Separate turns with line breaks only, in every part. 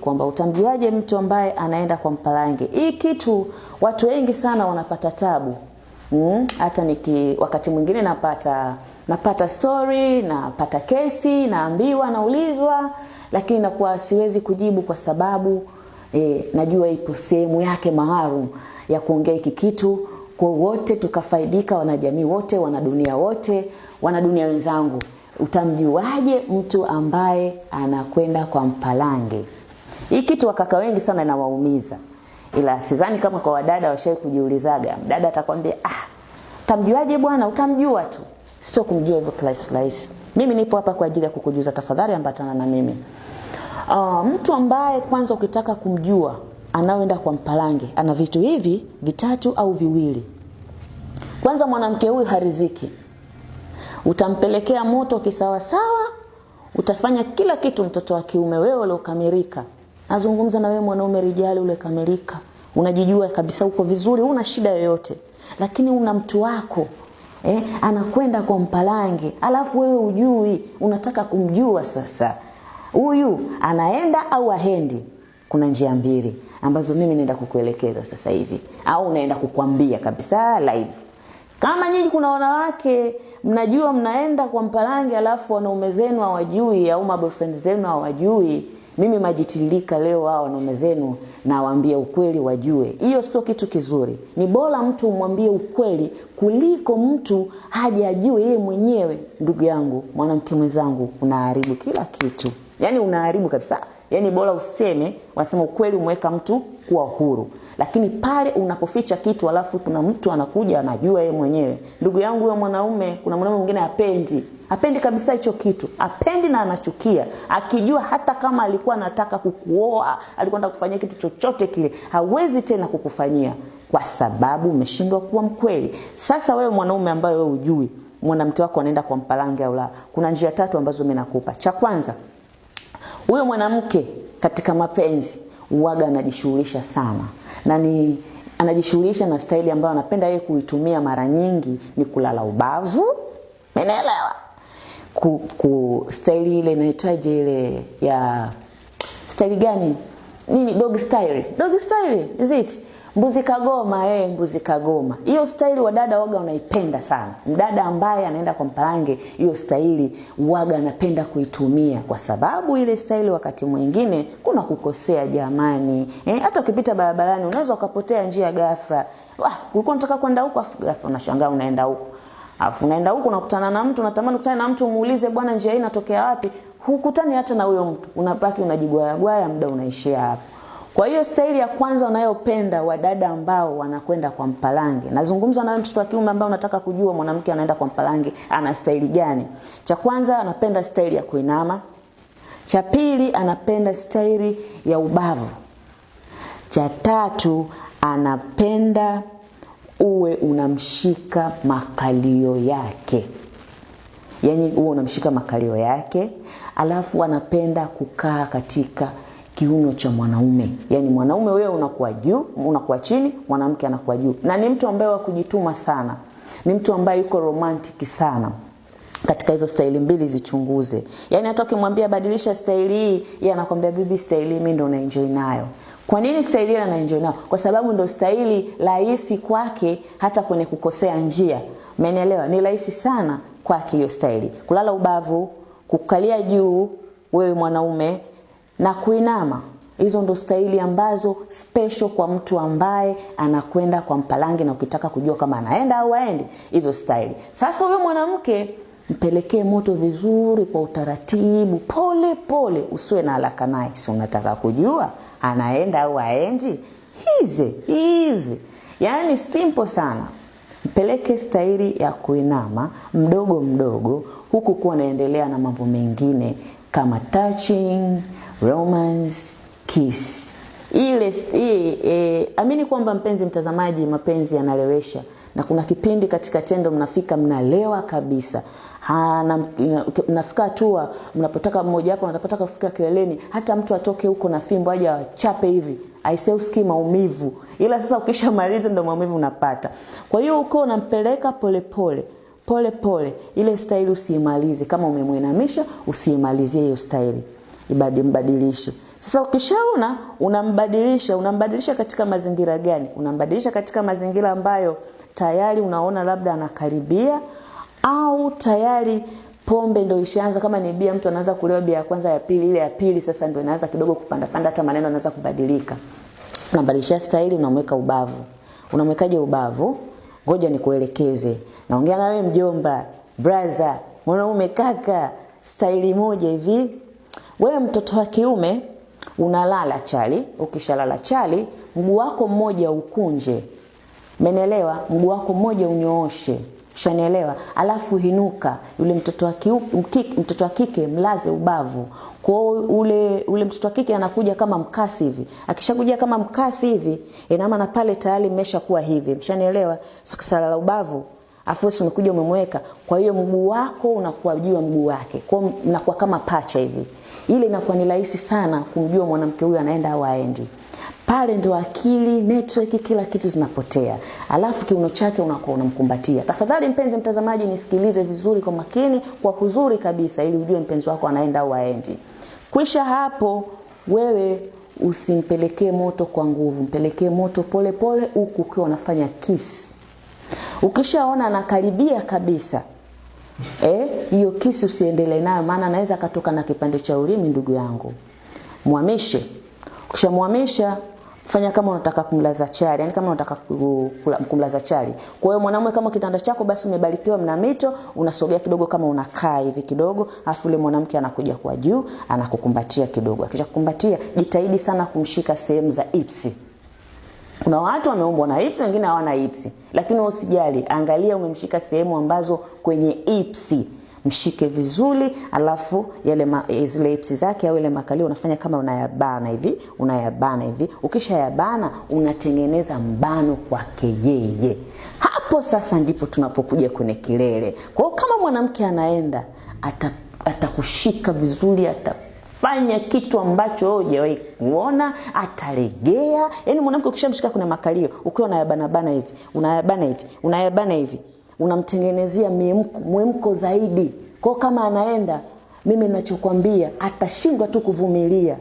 kwamba utamjuaje mtu ambaye anaenda kwa mpalange? Hii kitu watu wengi sana wanapata tabu mm. Hata niki wakati mwingine napata napata story, napata kesi, naambiwa, naulizwa, lakini nakuwa siwezi kujibu kwa sababu eh, najua ipo sehemu yake maalum ya kuongea hiki kitu kwa wote tukafaidika, wanajamii wote, wanadunia wote, wanadunia wenzangu. Utamjuaje mtu ambaye anakwenda kwa Mpalange? Hii kitu wakaka wengi sana inawaumiza, ila sidhani kama kwa wadada washai kujiulizaga. Mdada atakwambia ah, utamjuaje bwana? Utamjua tu, sio kumjua hivyo rahisi rahisi. Mimi nipo hapa kwa ajili ya kukujuza, tafadhali ambatana na mimi. Uh, mtu ambaye kwanza ukitaka kumjua anaoenda kwa Mpalange ana vitu hivi vitatu au viwili. Kwanza, mwanamke huyu hariziki, utampelekea moto kisawasawa, utafanya kila kitu mtoto wa kiume wewe uliokamilika Nazungumza na wewe mwanaume rijali ule kamilika, unajijua kabisa, uko vizuri, una shida yoyote, lakini una mtu wako eh, anakwenda kwa mpalange, alafu wewe ujui, unataka kumjua sasa huyu anaenda au ahendi. Kuna njia mbili ambazo mimi naenda kukuelekeza sasa hivi, au unaenda kukwambia kabisa live. Kama nyinyi kuna wanawake mnajua mnaenda kwa mpalange, alafu wanaume zenu hawajui au maboyfriend zenu hawajui mimi Majitiririka leo wao wanaume zenu nawaambia ukweli, wajue hiyo sio kitu kizuri. Ni bora mtu umwambie ukweli kuliko mtu haja ajue yeye mwenyewe. Ndugu yangu, mwanamke mwenzangu, unaharibu kila kitu, yaani unaharibu kabisa. Yaani bora useme, wanasema ukweli umeweka mtu kuwa huru, lakini pale unapoficha kitu alafu kuna mtu anakuja anajua yeye mwenyewe, ndugu yangu, huyo mwanaume, kuna mwanaume mwingine apendi Apendi kabisa hicho kitu, apendi na anachukia, akijua hata kama alikuwa anataka kukuoa, alikuwa anataka kufanyia kitu chochote kile, hawezi tena kukufanyia kwa sababu umeshindwa kuwa mkweli. Sasa wewe mwanaume ambaye wewe ujui mwanamke wako anaenda kwa mpalange au la, kuna njia tatu ambazo mimi nakupa. Cha kwanza, huyo mwanamke katika mapenzi uwaga anajishughulisha sana na ni anajishughulisha na staili ambayo anapenda yeye kuitumia mara nyingi ni kulala ubavu. Umeelewa? ku, staili ile inaitwaje ile ya staili gani nini, dog style, dog style is it? Mbuzi kagoma eh, mbuzi kagoma. Hiyo staili wadada waga unaipenda sana. Mdada ambaye anaenda kwa Mparange, hiyo staili waga anapenda kuitumia, kwa sababu ile staili wakati mwingine kuna kukosea jamani. Eh, hata ukipita barabarani unaweza ukapotea njia ghafla. Wah, ulikuwa kwenda huko afu ghafla unashangaa unaenda huko. Alafu unaenda huko unakutana na mtu, unatamani kutana na mtu umuulize, bwana, njia hii inatokea wapi? Hukutani hata na huyo mtu, unabaki unajigwaya gwaya, muda unaishia hapo. Kwa hiyo staili ya kwanza unayopenda wadada ambao wanakwenda kwa mpalange. Nazungumza nawe mtoto wa kiume ambaye unataka kujua mwanamke anaenda kwa mpalange ana staili gani. Cha kwanza anapenda staili ya kuinama. Cha pili anapenda staili ya ubavu. Cha tatu anapenda uwe unamshika makalio yake, yaani uwe unamshika makalio yake, alafu anapenda kukaa katika kiuno cha mwanaume. Yaani mwanaume wewe unakuwa juu, unakuwa chini, mwanamke anakuwa juu, na ni mtu ambaye wa kujituma sana, ni mtu ambaye yuko romantiki sana katika hizo staili mbili zichunguze. Yaani hata ukimwambia badilisha staili hii, yeye anakwambia bibi, staili mimi ndo naenjoy nayo. Kwa nini staili ile anaenjoy nao? Kwa sababu ndo staili rahisi kwake, hata kwenye kukosea njia, umeelewa? Ni rahisi sana kwake hiyo staili, kulala ubavu, kukalia juu, wewe mwanaume na kuinama. Hizo ndo staili ambazo special kwa mtu ambaye anakwenda kwa Mpalange, na ukitaka kujua kama anaenda au aendi, hizo staili. Sasa huyo mwanamke mpelekee moto vizuri, kwa utaratibu, pole pole, usiwe na haraka naye, si unataka kujua anaenda au aendi? Hizi hizi, yaani simple sana. Mpeleke staili ya kuinama mdogo mdogo, huku kuwa naendelea na mambo mengine kama touching, romance, kiss. Ile e, amini kwamba mpenzi mtazamaji, mapenzi yanalewesha na kuna kipindi katika tendo mnafika mnalewa kabisa nafika hatua mnapotaka mmoja wapo anapotaka kufika kileleni, hata mtu atoke huko na fimbo aje awachape hivi, aisee, usikii maumivu, ila sasa ukishamaliza ndo maumivu unapata. Kwa hiyo uko unampeleka polepole pole pole ile staili usiimalize. Kama umemwinamisha, usiimalizie hiyo staili, ibadi mbadilishe. Sasa ukishaona unambadilisha, unambadilisha katika mazingira gani? Unambadilisha katika mazingira ambayo tayari unaona labda anakaribia au tayari pombe ndo ishaanza. Kama ni bia, mtu anaanza kulewa bia ya kwanza, ya pili, ile ya pili sasa ndo inaanza kidogo kupanda panda, hata maneno yanaanza kubadilika. Unabadilisha staili, unamweka ubavu. Unamwekaje ubavu? Ngoja nikuelekeze. Naongea na wewe mjomba, brother, mwanaume, kaka, staili moja hivi. Wewe mtoto wa kiume unalala chali, ukishalala chali, mguu wako mmoja ukunje, menelewa, mguu wako mmoja unyooshe shanielewa. Alafu hinuka, yule mtoto wa kike, mtoto wa kike mlaze ubavu kwa ule, ule mtoto wa kike anakuja kama mkasi hivi. Akishakuja kama mkasi hivi, ina maana pale tayari mmeshakuwa hivi, mshanielewa. Sikisala la ubavu afusi umekuja umemweka, kwa hiyo mguu wako unakuwa juu ya mguu wake, kwa hiyo mnakuwa kama pacha hivi ile inakuwa ni rahisi sana kumjua mwanamke huyu anaenda au aendi. Pale ndo akili, network, kila kitu zinapotea, alafu kiuno chake unakuwa unamkumbatia. Tafadhali mpenzi mtazamaji, nisikilize vizuri kwa makini, kwa huzuri kabisa, ili ujue mpenzi wako anaenda au aendi. Kwisha hapo, wewe usimpelekee moto kwa nguvu, mpelekee moto polepole, huku ukiwa unafanya kisi Ukishaona anakaribia kabisa Eh, hiyo kisu kisi usiendelee nayo, maana anaweza akatoka na kipande cha ulimi. Ndugu yangu, mwamishe. Ukishamwamisha fanya kama unataka kumlaza chali, yani kama unataka kumlaza chali. Kwa hiyo mwanamume, kama kitanda chako basi umebarikiwa, mna mito, unasogea kidogo, kama unakaa hivi kidogo, afu yule mwanamke anakuja kwa juu, anakukumbatia kidogo. Akishakukumbatia, jitahidi sana kumshika sehemu za ipsi. Kuna watu wameumbwa na ipsi wengine hawana ipsi lakini usijali, angalia umemshika sehemu ambazo kwenye ipsi mshike vizuri, alafu yale ma, eh, zile ipsi zake au ile makalio unafanya kama unayabana hivi, unayabana hivi. Ukishayabana unatengeneza mbano kwake yeye. Hapo sasa ndipo tunapokuja kwenye kilele. Kwa hiyo kama mwanamke anaenda atakushika ata vizuri ata fanya kitu ambacho hujawahi kuona, atalegea. Yaani mwanamke ukishamshika, kuna makalio, ukiwa unayabanabana hivi unayabana hivi unayabana hivi, unamtengenezea mwemko mwemko zaidi kwao. Kama anaenda, mimi ninachokwambia atashindwa tu kuvumilia,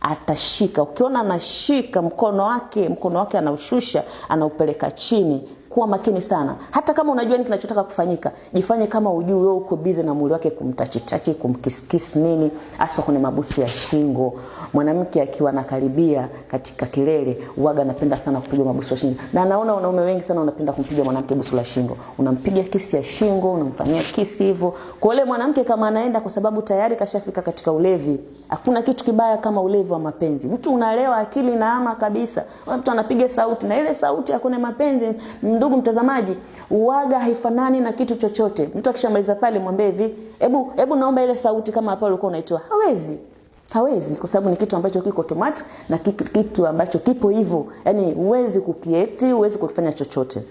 atashika. Ukiona anashika mkono wake, mkono wake anaushusha, anaupeleka chini kuwa makini sana. Hata kama unajua nini kinachotaka kufanyika, jifanye kama ujui wewe uko busy na mwili wake kumtachitachi, kumkisikis nini, hasa kwenye mabusu ya shingo. Mwanamke akiwa anakaribia katika kilele, uwaga anapenda sana kupiga mabusu ya shingo. Na naona wanaume wengi sana wanapenda kumpiga mwanamke busu la shingo. Unampiga kisi ya shingo, unamfanyia kisi hivyo. Kwa yule mwanamke kama anaenda kwa sababu tayari kashafika katika ulevi. Hakuna kitu kibaya kama ulevi wa mapenzi. Mtu unalewa akili na ama kabisa. Mtu anapiga sauti na ile sauti ya kwenye mapenzi ndugu mtazamaji, uwaga haifanani na kitu chochote. Mtu akishamaliza pale mwambie hivi, hebu hebu naomba ile sauti kama hapa ulikuwa unaitoa. Hawezi, hawezi, kwa sababu ni kitu ambacho kiko automatic na kitu ambacho kipo hivyo, yaani huwezi kukieti, huwezi kukifanya chochote.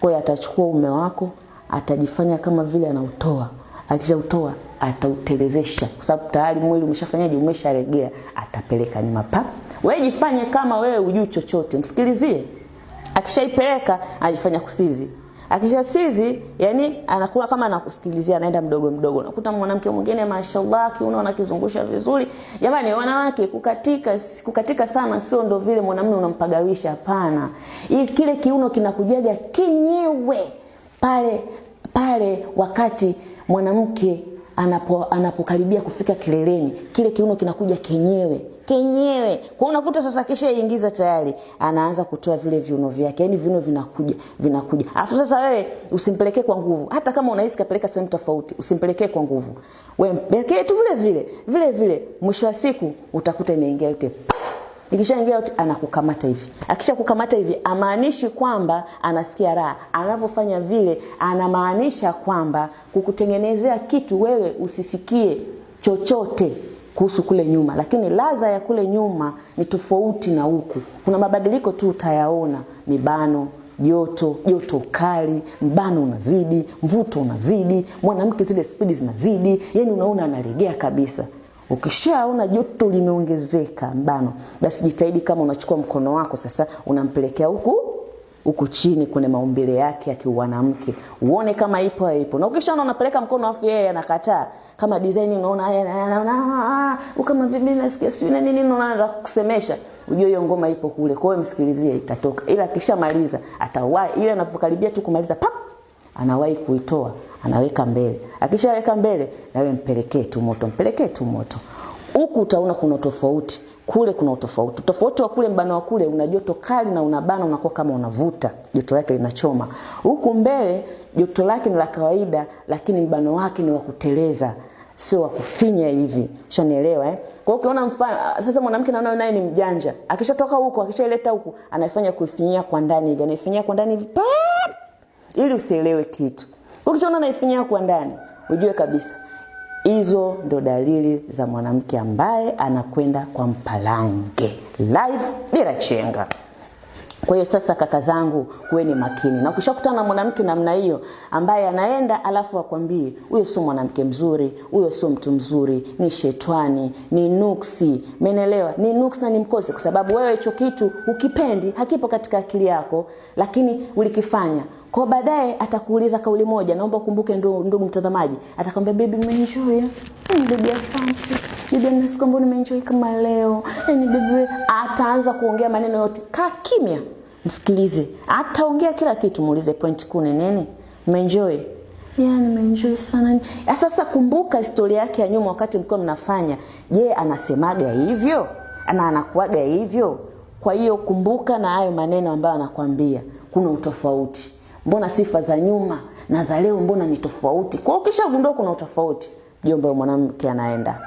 Kwa hiyo atachukua ume wako, atajifanya kama vile anautoa, akishautoa atautelezesha kwa sababu tayari mwili umeshafanyaje? Umesharegea, atapeleka nyuma. Pa wewe jifanye kama wewe hujui chochote, msikilizie. Akishaipeleka anajifanya kusizi akisha sizi, yani anakuwa kama anakusikilizia, anaenda mdogo mdogo. Unakuta mwanamke mwingine mashallah, kiuno anakizungusha vizuri. Jamani wanawake, kukatika kukatika sana sio ndo vile mwanamume unampagawisha, hapana. Kile kiuno kinakujaga kenyewe pale pale wakati mwanamke anapo anapokaribia kufika kileleni, kile kiuno kinakuja kenyewe kenyewe. Kwa unakuta sasa, kisha ingiza tayari anaanza kutoa vile viuno vyake, yani viuno vinakuja vinakuja. Alafu sasa wewe usimpelekee kwa nguvu, hata kama unahisi kapeleka sehemu tofauti, usimpelekee kwa nguvu, wewe mpelekee tu vile vile vile vile. Mwisho wa siku utakuta imeingia yote. Ikishaingia yote anakukamata hivi. Akishakukamata hivi, amaanishi kwamba anasikia raha. Anavyofanya vile, anamaanisha kwamba kukutengenezea kitu wewe usisikie chochote kuhusu kule nyuma, lakini ladha ya kule nyuma ni tofauti na huku. Kuna mabadiliko tu utayaona, mibano joto joto kali, mbano unazidi, mvuto unazidi, mwanamke zile spidi zinazidi, yani unaona analegea kabisa. Ukishaona joto limeongezeka mbano, basi jitahidi kama unachukua mkono wako sasa unampelekea huku huku chini kwenye maumbile yake ya kiwanamke, uone kama ipo haipo. Na ukishaona unapeleka mkono afu yeye anakataa, kama design unaona haya ah, ah, ah, kama vipi, nasikia sijui na nini, unaanza kusemesha, ujue hiyo ngoma ipo kule. Kwa hiyo msikilizie, itatoka, ila akishamaliza atawai, ile anapokaribia tu kumaliza pap anawahi kuitoa anaweka mbele, akishaweka mbele, nawe mpelekee tu moto, mpelekee tu moto. Huku utaona kuna tofauti, kule kuna utofauti. Tofauti wa kule mbano wa kule una joto kali na unabana, unakuwa kama unavuta, joto lake linachoma. Huku mbele joto lake ni la kawaida, lakini mbano wake ni wa kuteleza, sio wa kufinya hivi. Ushanielewa eh? Kwa hiyo ukiona mfano ah, sasa, mwanamke naona naye ni mjanja, akishatoka huko, akishaileta huku, anaifanya kuifinyia kwa ndani hivi, anaifinyia kwa ndani hivi paa ili usielewe kitu. Ukichoona naifinya kwa ndani, ujue kabisa hizo ndo dalili za mwanamke ambaye anakwenda kwa mpalange. Live bila chenga. Kwa hiyo sasa, kaka zangu, kuweni makini, na ukishakutana na mwanamke namna hiyo ambaye anaenda alafu akwambie huyo sio mwanamke mzuri, huyo sio mtu mzuri, ni shetani, ni nuksi. menelewa, Ni nuksi na ni mkosi, kwa sababu wewe hicho kitu ukipendi, hakipo katika akili yako, lakini ulikifanya kwa baadaye atakuuliza kauli moja. Naomba ukumbuke, ndugu, ndugu mtazamaji, atakwambia bibi, nimeenjoy ah? bibi, asante bibi, nasikia mbona nimeenjoy kama leo, yani bibi ah, ataanza kuongea maneno yote, kaa kimya, msikilize. ataongea kila kitu, muulize point kuu ni nini, umeenjoy Yeah, nimeenjoy sana. Sasa kumbuka historia yake ya nyuma wakati mkiwa mnafanya. Je, anasemaga hivyo? na anakuaga hivyo? Kwa hiyo kumbuka na hayo maneno ambayo anakwambia. Kuna utofauti. Mbona sifa za nyuma na za leo mbona ni tofauti? Kwa ukishagundua kuna utofauti, mjomba, mwanamke anaenda.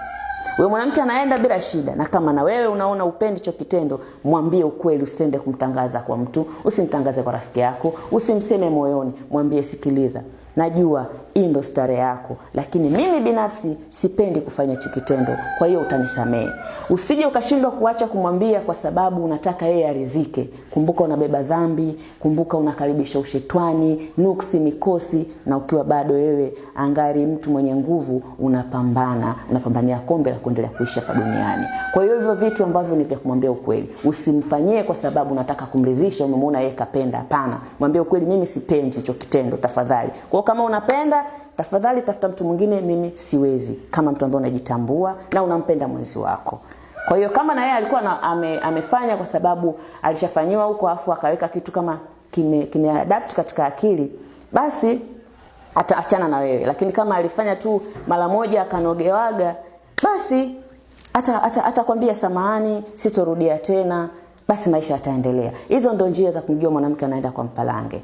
Wewe mwanamke anaenda bila shida, na kama na wewe unaona upendi cho kitendo, mwambie ukweli, usiende kumtangaza kwa mtu, usimtangaze kwa rafiki yako, usimseme moyoni, mwambie sikiliza, najua hii ndo starehe yako, lakini mimi binafsi sipendi kufanya chikitendo, kwa hiyo utanisamehe. Usije ukashindwa kuacha kumwambia kwa sababu unataka yeye arizike. Kumbuka unabeba dhambi, kumbuka unakaribisha ushetwani, nuksi, mikosi, na ukiwa bado wewe angari mtu mwenye nguvu, unapambana, unapambania kombe la kuendelea kuishi hapa duniani. Kwa hiyo hivyo vitu ambavyo ni vya kumwambia ukweli, usimfanyie kwa sababu unataka kumridhisha, umemwona yeye kapenda. Hapana, mwambie ukweli, mimi sipendi hicho kitendo, tafadhali. Kwa kama unapenda tafadhali tafuta mtu mwingine, mimi siwezi. Kama mtu ambaye unajitambua na unampenda mwenzi wako. Kwa hiyo kama na yeye alikuwa na, ame, amefanya kwa sababu alishafanyiwa huko afu akaweka kitu kama kime, kime adapt katika akili, basi ataachana na wewe. Lakini kama alifanya tu mara moja akanogewaga, basi atakwambia ata, ata samahani, sitorudia tena, basi maisha yataendelea. Hizo ndo njia za kumjua mwanamke anaenda kwa Mpalange.